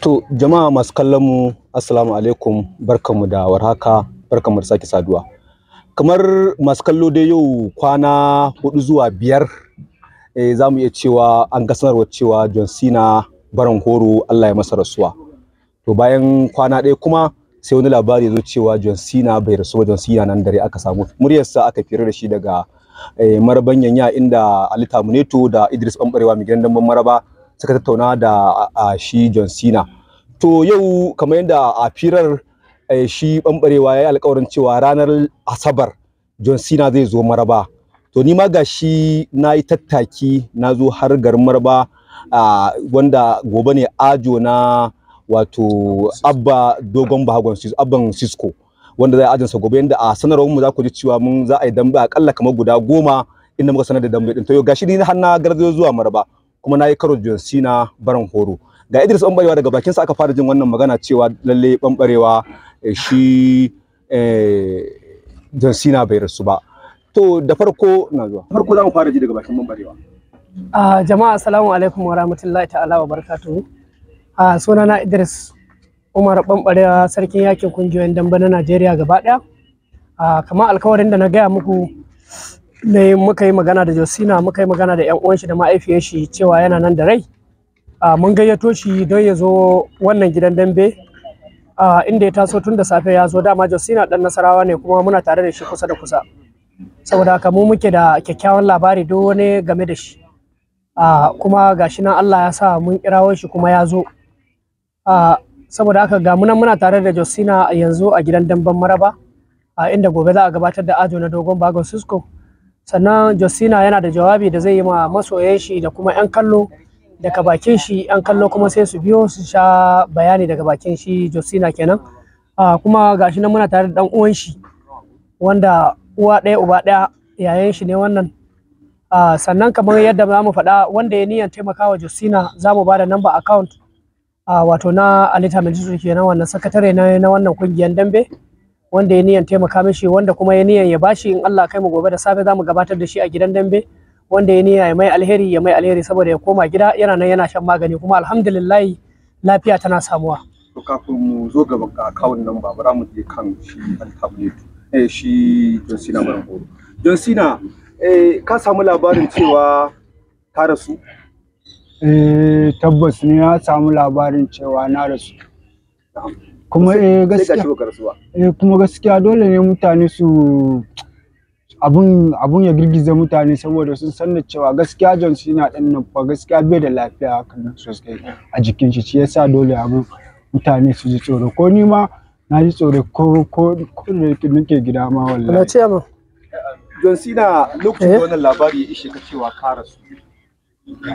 To jama'a masu kallon mu assalamu alaikum barkanmu da warhaka barkanmu da sake saduwa. Kamar masu kallo dai yau kwana hudu zuwa biyar e, za mu iya cewa an ga sanarwar cewa John Cena baran horo Allah ya masa rasuwa. To bayan kwana ɗaya kuma sai wani labari ya zo cewa John Cena bai rasu ba John Cena nan dare aka samu muryarsa aka fira da shi daga e, eh, marabanyanya inda Ali muneto da Idris Bambarewa mai gidan maraba suka tattauna da shi John Cena to yau kamar yadda a firar shi bambarewa ya yi alkawarin cewa ranar asabar John Cena zai zo maraba to ni ma ga shi na yi tattaki na zo har garin maraba wanda gobe ne ajo na wato abba dogon bahagon abban cisco wanda zai ajinsa gobe yadda a sanarwar mu za ku ji cewa mun za a yi dambe akalla kamar guda goma inda muka sanar da dambe din to yau gashi ni har na garzayo zuwa maraba kuma na yi karo John Cena baran horo ga Idris Bambarewa daga bakin sa aka fara jin wannan magana cewa lalle Bambarewa eh, shi eh, John Cena bai rasu ba to da farko na zuwa farko za mu fara ji daga bakin Bambarewa a ah, jama'a assalamu alaikum wa rahmatullahi ta'ala wa barakatuhu a ah, sunana Idris Umar Bambarewa sarkin yakin kungiyoyin damba na Najeriya gaba daya ah, kamar alkawarin da na gaya muku ne muka yi magana da Josina muka yi magana da yan uwanshi da ma'aifiyar shi cewa yana nan da rai mun gayyato shi don ya zo wannan gidan dambe inda ya taso tun da safe ya zo dama Josina dan Nasarawa ne kuma muna tare da shi kusa da kusa saboda haka mu muke da kyakkyawan labari duk wani game da shi kuma gashi nan Allah ya sa mun kirawo shi kuma ya zo saboda haka ga munan muna tare da Josina yanzu a gidan damben Maraba a inda gobe za a gabatar da ajo na dogon bagon Cisco sannan Justina yana da jawabi da zai yi ma masoyan shi da kuma 'yan kallo daga bakin shi 'yan kallo kuma sai su biyo su sha bayani daga bakin shi Justina kenan kuma gashi nan muna tare da dan uwan shi wanda uwa ɗaya uba ɗaya yayan shi ne wannan sannan kamar yadda za mu faɗa wanda ya niyan taimakawa Justina za mu ba da number account wato na Alita Majisur kenan wannan sakatare na wannan kungiyar dambe. wanda ya niyan taimaka mishi wanda kuma ya niyan ya bashi in Allah kai mu gobe da safe zamu gabatar da shi a gidan dambe wanda ya niyan ya mai alheri ya mai alheri saboda ya koma gida yana nan yana shan magani kuma alhamdulillah lafiya tana samuwa to kafin mu zo gaba ga account nan ba bara mu je kan shi altablet eh shi John Cena Barangoro don sina eh ka samu labarin cewa ta rasu eh tabbas ne na samu labarin cewa na rasu kuma eh gaskiya eh kuma gaskiya dole ne mutane su abun abun ya girgiza mutane saboda sun san da cewa gaskiya John Cena din nan fa gaskiya bai da lafiya hakan sosai a jikin shi yasa dole abun mutane su ji tsoro ko ni ma na ji tsoro ko ko ko ki nake gida ma wallahi na ce ma John Cena lokacin eh? wannan labari ya ishe ka cewa ka rasu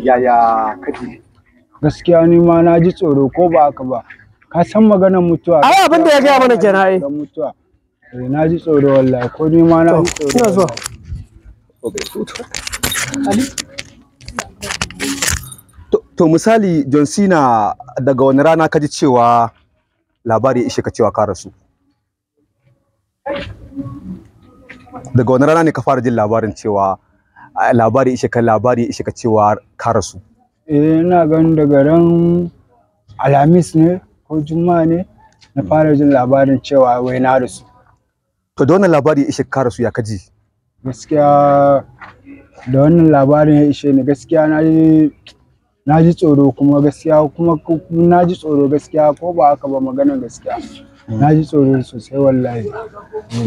yaya kaji gaskiya ni ma na ji tsoro ko ba haka ba ka san maganar mutuwa ai abin da ya gaya mana kenan ai mutuwa eh na ji tsoro wallahi ko ni ma na ji tsoro ina zuwa to misali John Cena daga wani rana ka ji cewa labari ya ishe ka cewa ka rasu daga wani rana ne ka fara jin labarin cewa labari ishe ka labari ishe ka cewa ka rasu eh ina ganin daga ran alhamis ne ko juma ne na fara jin labarin cewa wai na rasu to da wannan labari ya ishe ka rasu ya kaji gaskiya da wannan labarin ya ishe ni gaskiya na ji na ji tsoro kuma gaskiya kuma na ji tsoro gaskiya ko ba haka ba maganar gaskiya na ji tsoro sosai wallahi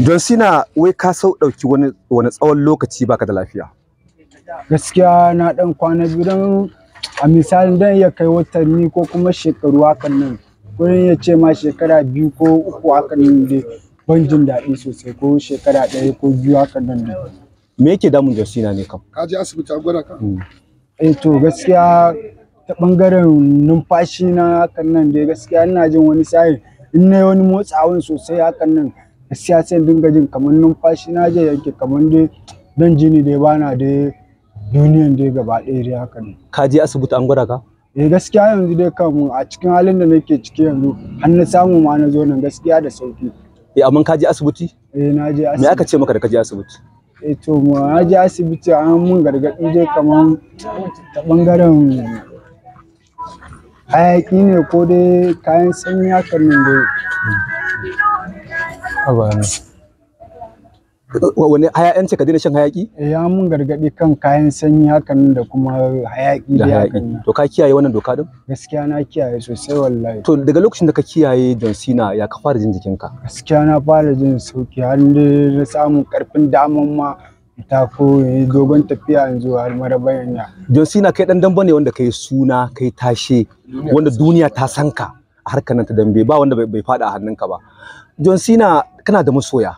don sina wai ka sau dauki wani wani tsawon lokaci baka da lafiya gaskiya na dan kwana biyu don a misalin dan ya kai watanni ko kuma shekaru hakan nan wurin ya ce ma shekara biyu ko uku haka nan da ban jin daɗi sosai ko shekara ɗaya ko biyu haka nan dai me yake damun jasina ne kam ka je asibiti a gwada ka hmm. eh to gaskiya ta bangaren numfashi na hakan nan da gaskiya ina jin wani sai in na wani motsawan sosai hakan nan gaskiya sai dinga jin kamar numfashi na je yake kamar dai dan jini dai bana dai duniyan dai gaba ɗaya dai nan ka je asibiti an gwada ka eh gaskiya yanzu dai kan a cikin halin da nake ciki yanzu har na samu ma na zo nan gaskiya da sauki eh amma ka je asibiti eh na je asibiti me aka ce maka da ka je asibiti eh to mu na je asibiti an mun gargadi dai kaman ta bangaren hayaki ne ko dai kayan sanyi hakan nan dai wani hayayan ka daina shan hayaki eh, Ya mun gargadi kan kayan sanyi hakan da kuma hayaki da hayaki to ka kiyaye wannan doka din gaskiya na kiyaye sosai wallahi to daga lokacin da ka kiyaye John Cena ya ka fara jin jikinka gaskiya na fara jin sauki har na samu karfin daman ma ta yi dogon tafiya yanzu har marabayan ya. John Cena kai dan dambe ne wanda kai suna kai tashe wanda duniya ta san ka harkar nan ta dambe ba wanda bai fada a hannunka ba. John Cena kana da masoya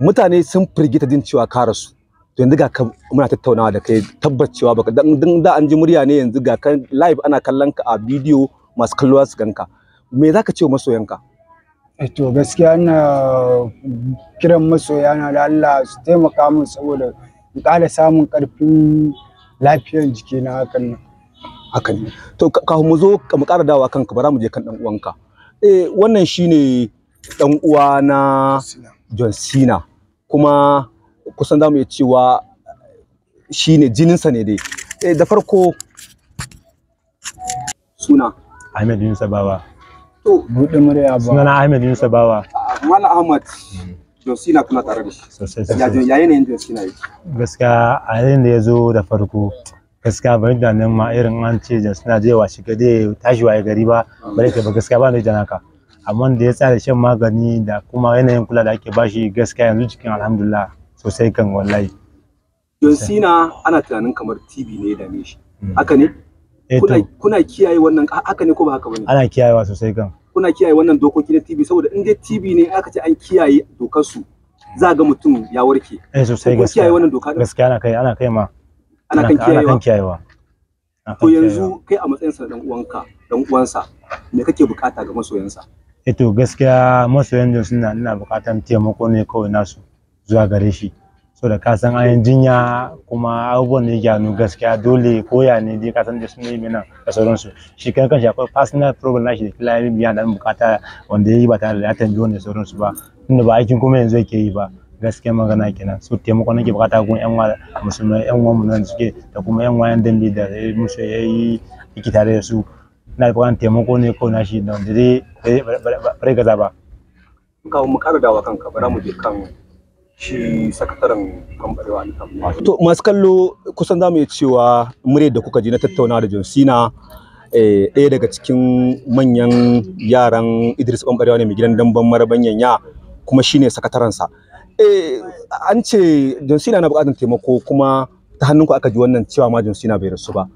mutane sun firgita jin cewa ka rasu to yanzu ga muna tattaunawa da kai cewa baka dan da an ji murya ne yanzu ga kan live ana kallon ka a bidiyo masu kallowa su ganka me zaka ce masoyanka eh, to gaskiya ina kiran masoya na da Allah su taimaka min saboda in ƙara samun ƙarfin lafiyar jikina hakan nan hakan ne to ka mu zo mu kara dawa kanka bara mu je kan dan uwanka eh wannan shine dan uwa na John Cena kuma kusan za mu iya cewa shi ne jininsa ne dai eh, da farko suna Ahmed Yunus Bawa to buɗe murya ba suna Ahmed Yunus Bawa Mala Ahmad John Cena kuna tare da shi ya yanayin John Cena yake gaskiya a yayin da ya zo da farko gaskiya ban da nan ma irin an ce John Cena zai washe gari tashi waye gari ba bare ka ba gaskiya ba ne jan ka. amma da ya tsara shan magani da kuma yanayin kula da ake bashi gaskiya yanzu cikin alhamdulillah sosai kan wallahi John Cena ana tunanin kamar TV ne da ne shi hmm. haka ne eh kuna kuna kiyaye wannan haka ne ko ba haka bane ana kiyayewa sosai kan kuna kiyaye wannan dokoki na TV saboda in dai TV ne aka ce an kiyaye dokar su za ga mutum ya warke eh sosai gaskiya kiyaye wannan doka gaskiya ana kai ana kai ma ana kan kiyayewa ana kan kiyayewa to yanzu kai a matsayin sa dan uwanka dan uwansa me kake bukata ga masoyansa eto eh gaskiya masoyan yanzu suna ina bukatan taimako ne kawai nasu zuwa gare shi so da kasan ayin jinya kuma abubuwan da ya gyanu gaskiya dole koya ne dai kasan da suna yi mina da sauransu shi kan kanshi akwai personal problem shi da kila yi biya da bukata wanda ya yi ba tare da ya tambi wani sauransu ba tunda ba aikin kuma yanzu yake yi ba gaskiya magana kenan so taimako nake bukata gun yan wa musulman yan uwan nan suke da kuma yan wayan dambe da musu ya yi tare da su na bukatan taimako ne na shi da wanda dai Eh, bare gaza ba kawai mu ƙara dawa kanka bara mu je kan shi sakataren kambarewa to masu kallo kusan za mu iya cewa muryar da kuka ji na tattauna da John Cena eh, ɗaya daga cikin manyan yaran Idris Bambarewa ne mai gidan damban marabanyan ya kuma shine sakatarensa eh an ce John Cena na buƙatar taimako kuma ta hannunku aka ji wannan cewa ma John Cena bai rasu ba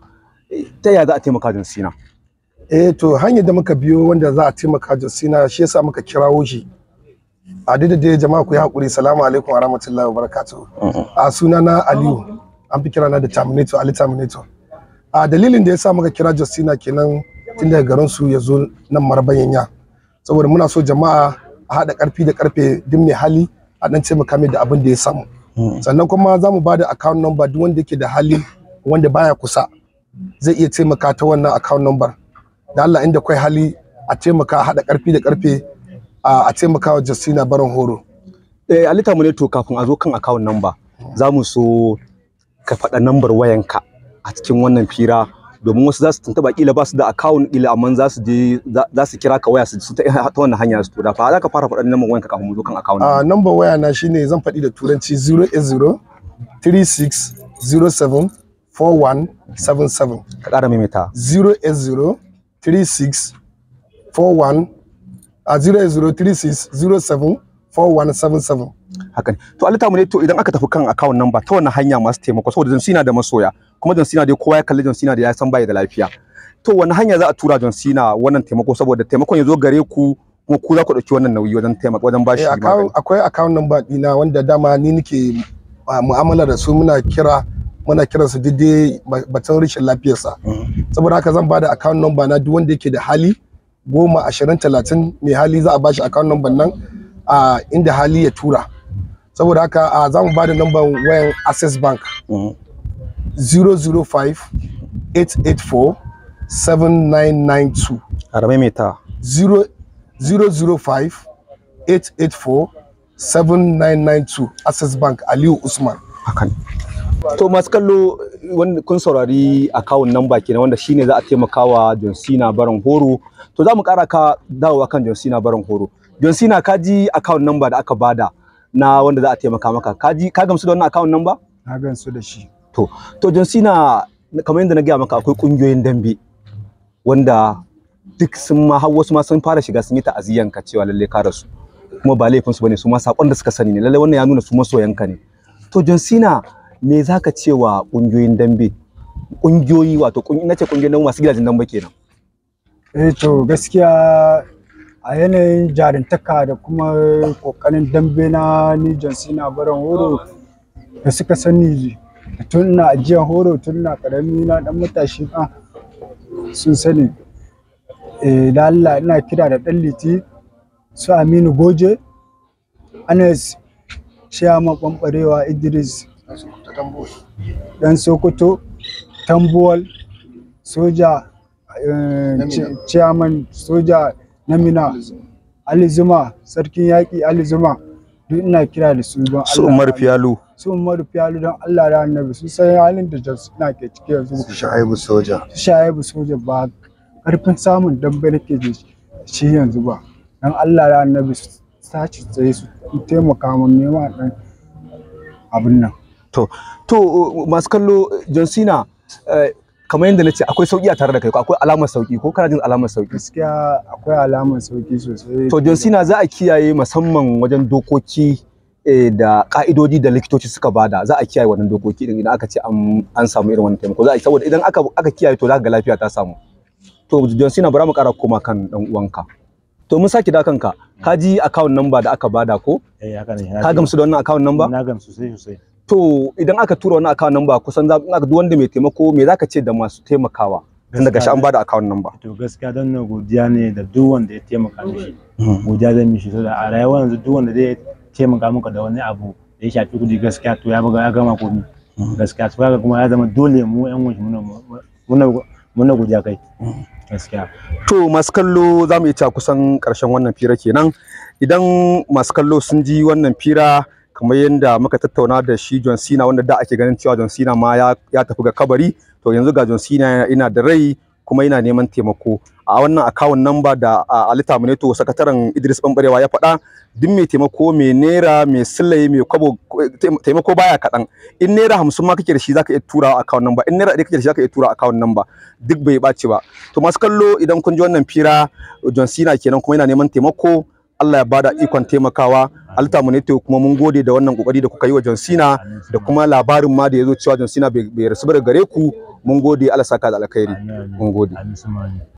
eh, ta yaya za a taimaka John Cena eh to hanyar da muka biyo wanda za a taimaka sina shi yasa muka kirawo shi a da jama'a ku yi hakuri salamu alaikum wa rahmatullahi wa barakatuh a suna Aliyu an fi kira na da Terminator Ali Terminator a dalilin da yasa muka kira Justina kenan tun daga garin su ya zo nan marbayanya saboda muna so jama'a a haɗa ƙarfi da ƙarfe duk mai hali a ɗan taimaka mai da abin da ya samu mm. sannan kuma za mu ba da account number duk wanda yake da hali wanda baya kusa zai iya taimaka ta wannan account number da Allah inda kai hali a taimaka a haɗa ƙarfi da ƙarfe a taimaka wa Justina barin horo. Eh Alita mu ne to kafin a zo kan account number za mu so ka faɗa nambar wayanka a cikin wannan fira domin wasu za su tuntuɓa kila ba su da account kila amma za su je za su kira ka waya su eh, ta wannan hanya su da fa za ka fara faɗa nambar wayanka kafin mu zo kan account. Ah nambar waya na shine zan faɗi da turanci 080 3607 4177 ka ƙara maimaita 080 three six one a uh, zero zero zero one Haka ne. To Alita mu ne to idan aka tafi kan account number ta wannan hanya masu taimako saboda John Cena da masoya kuma John Cena dai kowa ya kalli John Cena da ya san bai da lafiya. To wani hanya za a tura John Cena wannan taimako saboda taimakon ya zo gare ku kuma ku za ku ɗauki wannan nauyi wajen taimako wajen bashi eh, Akwai account number dina wanda dama ni nake uh, mu'amala da su muna kira muna kiransa daidai batun rashin lafiyarsa mm. saboda haka zan bada account number na duk wanda yake da hali goma ashirin talatin mai hali za a bashi account number nan a inda hali ya tura saboda haka a za mu bada number wayan access bank 005 884 7992 a mai ta 005 884 7992 access bank aliyu usman Akan. To masu kallo kun saurari akawun nan baki wanda shine za a taimakawa John Cena barin horo. To za mu ƙara ka dawowa kan John Cena barin horo. John Cena ka ji account nan da aka bada na wanda za a taimaka maka. Ka ji ka gamsu da wannan account nan Na gamsu da shi. To to John Cena kamar yadda na gaya maka akwai kungiyoyin dambe wanda duk sun ma har wasu ma sun fara shiga sun yi ta'aziyan ka cewa lalle ka rasu kuma ba laifin su bane su ma sakon da suka sani ne lalle wannan ya nuna su masoyanka ne to John Cena me za ka ce wa ƙungiyoyin dambe ƙungiyoyi wato na ce dambe masu gidajen dambe kenan eh to gaskiya a yanayin jarintaka da kuma kokarin dambe na ni jansi na baran horo da suka sani tun na ajiyar horo tun na ƙarami na ɗan matashi ɗan sun sani eh da Allah ina kira da ɗan su Aminu Goje Anas Shiyama kwamfarewa Idris dan sokoto tambuwal soja eh, chairman soja namina ali zuma sarkin yaƙi ali zuma duk ina kira da su don Allah su Umar Fiyalu su Umar Fiyalu don Allah da Annabi su san halin da jas suna ke ciki yanzu su Shaibu soja su Shaibu soja ba karfin samun dambe nake ji shi yanzu ba don Allah da Annabi su sace tsaye su taimaka mun nema ɗan abin nan to to masu kallo John Cena eh, kamar yadda na ce akwai sauki a tare da kai akwai alamar sauki ko kana jin alamar sauki gaskiya akwai alamar sauki sosai to John Cena za a kiyaye musamman wajen dokoki eh, da ka'idoji da likitoci suka bada za a kiyaye wannan dokoki din idan aka ce an samu irin wannan taimako za a saboda idan aka aka kiyaye to za ga lafiya ta samu to John Cena bara mu kara koma kan dan uwanka to mun saki da kanka ka ji account number da aka bada ko eh haka ne ka gamsu da wannan account number na gamsu sosai sosai to idan aka tura wani account number kusan za ka duk wanda mai taimako me zaka ce da masu taimakawa dan daga shi an bada account number to gaskiya dan na godiya ne da duk wanda ya taimaka mishi godiya zan mishi saboda a rayuwa yanzu duk wanda zai taimaka maka da wani abu da ya shafi kudi gaskiya to ya buga ya gama komi gaskiya to kaga kuma ya zama dole mu yan wani muna muna muna godiya kai gaskiya to masu kallo za mu iya kusan karshen wannan fira kenan idan masu kallo sun ji wannan fira kamar yadda muka tattauna da shi John Cena wanda da ake ganin cewa John Cena ma ya, ya tafi ga kabari to yanzu ga John Cena ina da rai kuma yana neman taimako a wannan akawun number da Alita Taminato sakataren Idris Bambarewa ya faɗa duk mai taimako mai naira mai silai mai kwabo taimako baya kaɗan in naira hamsin ma kake da shi zaka iya tura a akawun number? in naira ɗaya kake da shi zaka iya tura a akawun number? duk bai ɓaci ba to masu kallo idan kun ji wannan fira John Cena kenan kuma yana neman taimako Allah ya bada ikon taimakawa Alta Munete kuma mun gode da wannan kokari da kuka yi wa John da kuma labarin ma da ya zo cewa John Cena bai rasu ba gare ku mun gode Allah saka da alkhairi mun gode